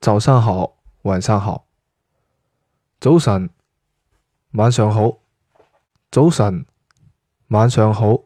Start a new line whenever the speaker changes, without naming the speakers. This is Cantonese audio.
早上好，晚上好。早晨，晚上好。早晨，晚上好。